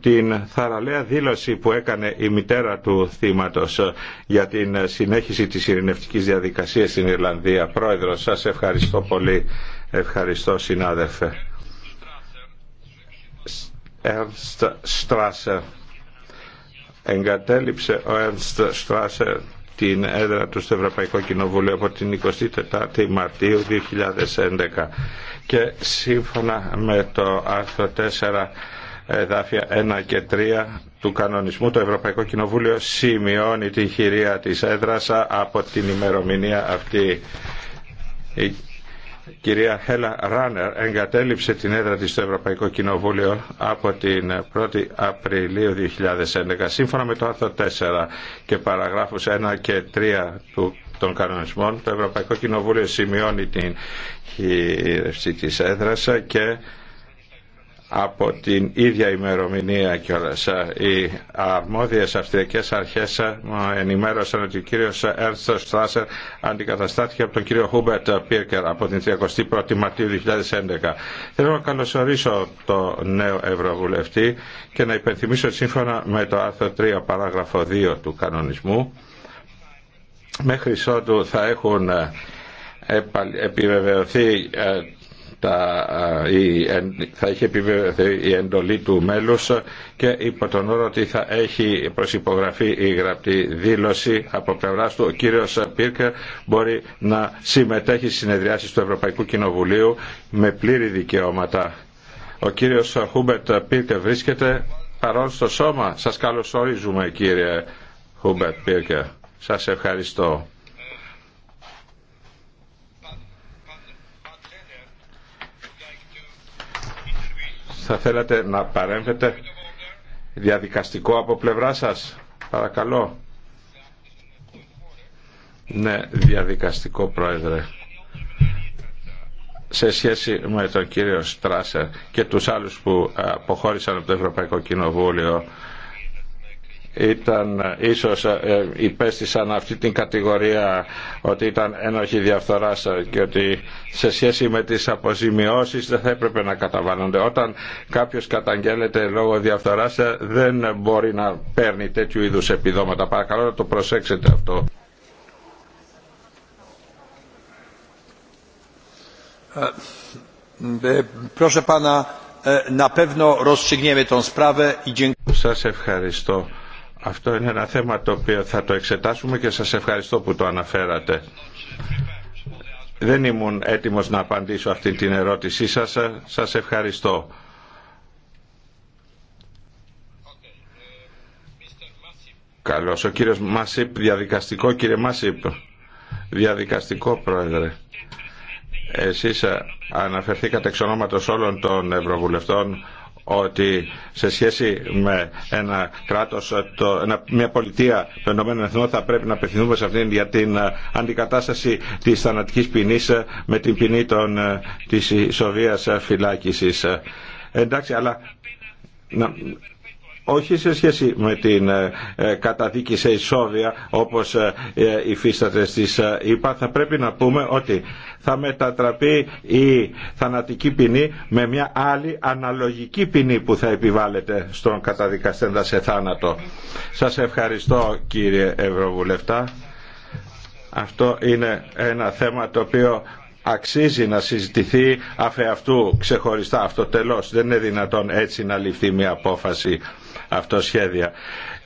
την θαραλέα δήλωση που έκανε η μητέρα του θύματος ε, για την ε, συνέχιση της ειρηνευτικής διαδικασίας στην Ιρλανδία. Πρόεδρο, σας ευχαριστώ πολύ. Ευχαριστώ συνάδελφε. Ernst Strasser. Εγκατέλειψε ο Ernst Strasser την έδρα του στο Ευρωπαϊκό Κοινοβούλιο από την 24η Μαρτίου 2011 και σύμφωνα με το άρθρο 4 εδάφια 1 και 3 του κανονισμού το Ευρωπαϊκό Κοινοβούλιο σημειώνει τη χειρία της έδρασα από την ημερομηνία αυτή. Η κυρία Χέλα Ράνερ εγκατέλειψε την έδρα της στο Ευρωπαϊκό Κοινοβούλιο από την 1η Απριλίου 2011 σύμφωνα με το άρθρο 4 και παραγράφους 1 και 3 του των κανονισμών το Ευρωπαϊκό Κοινοβούλιο σημειώνει την χειρεύση της έδρασα και από την ίδια ημερομηνία και όλες ε, Οι αρμόδιες αυστριακές αρχές ε, ενημέρωσαν ότι ο κύριος Έρθο Στράσερ αντικαταστάθηκε από τον κύριο Χούμπερτ Πίρκερ από την 31η Μαρτίου 2011. Θέλω να καλωσορίσω το νέο Ευρωβουλευτή και να υπενθυμίσω σύμφωνα με το άρθρο 3 παράγραφο 2 του κανονισμού μέχρι ότου θα έχουν ε, επιβεβαιωθεί τα, η, θα έχει επιβεβαιωθεί η εντολή του μέλους και υπό τον όρο ότι θα έχει προσυπογραφεί η γραπτή δήλωση από πλευράς του. Ο κύριος Πίρκερ μπορεί να συμμετέχει στις συνεδριάσεις του Ευρωπαϊκού Κοινοβουλίου με πλήρη δικαιώματα. Ο κύριος Χούμπερτ Πίρκερ βρίσκεται παρόν στο σώμα. Σας καλωσορίζουμε κύριε Χούμπερτ Πίρκερ. Σας ευχαριστώ. θα θέλατε να παρέμβετε διαδικαστικό από πλευρά σας. Παρακαλώ. Ναι, διαδικαστικό πρόεδρε. Σε σχέση με τον κύριο Στράσερ και τους άλλους που αποχώρησαν από το Ευρωπαϊκό Κοινοβούλιο, ήταν ίσως ε, υπέστησαν αυτή την κατηγορία ότι ήταν ένοχη διαφθοράς και ότι σε σχέση με τις αποζημιώσεις δεν θα έπρεπε να καταβάλλονται. Όταν κάποιος καταγγέλλεται λόγω διαφθοράς ε, δεν μπορεί να παίρνει τέτοιου είδους επιδόματα. Παρακαλώ να το προσέξετε αυτό. Ε, Σας ευχαριστώ. Αυτό είναι ένα θέμα το οποίο θα το εξετάσουμε και σας ευχαριστώ που το αναφέρατε. Δεν ήμουν έτοιμος να απαντήσω αυτή την ερώτησή σας. Σας ευχαριστώ. Καλώς. Ο κύριος Μάσιπ, διαδικαστικό κύριε Μάσιπ, διαδικαστικό πρόεδρε. Εσείς αναφερθήκατε εξ ονόματος όλων των Ευρωβουλευτών ότι σε σχέση με ένα κράτος, το, μια πολιτεία των ΗΕ θα πρέπει να απευθυνθούμε σε αυτήν για την ε, αντικατάσταση της θανατικής ποινή ε, με την ποινή των, ε, της ισοβίας φυλάκισης. Εντάξει, αλλά να, όχι σε σχέση με την ε, ε, καταδίκη σε ισόβια όπως ε, υφίσταται στις ΗΠΑ θα πρέπει να πούμε ότι θα μετατραπεί η θανατική ποινή με μια άλλη αναλογική ποινή που θα επιβάλλεται στον καταδικαστέντα σε θάνατο. Σας ευχαριστώ κύριε Ευρωβουλευτά. Αυτό είναι ένα θέμα το οποίο αξίζει να συζητηθεί αφεαυτού ξεχωριστά αυτό τελώς. Δεν είναι δυνατόν έτσι να ληφθεί μια απόφαση αυτό σχέδια.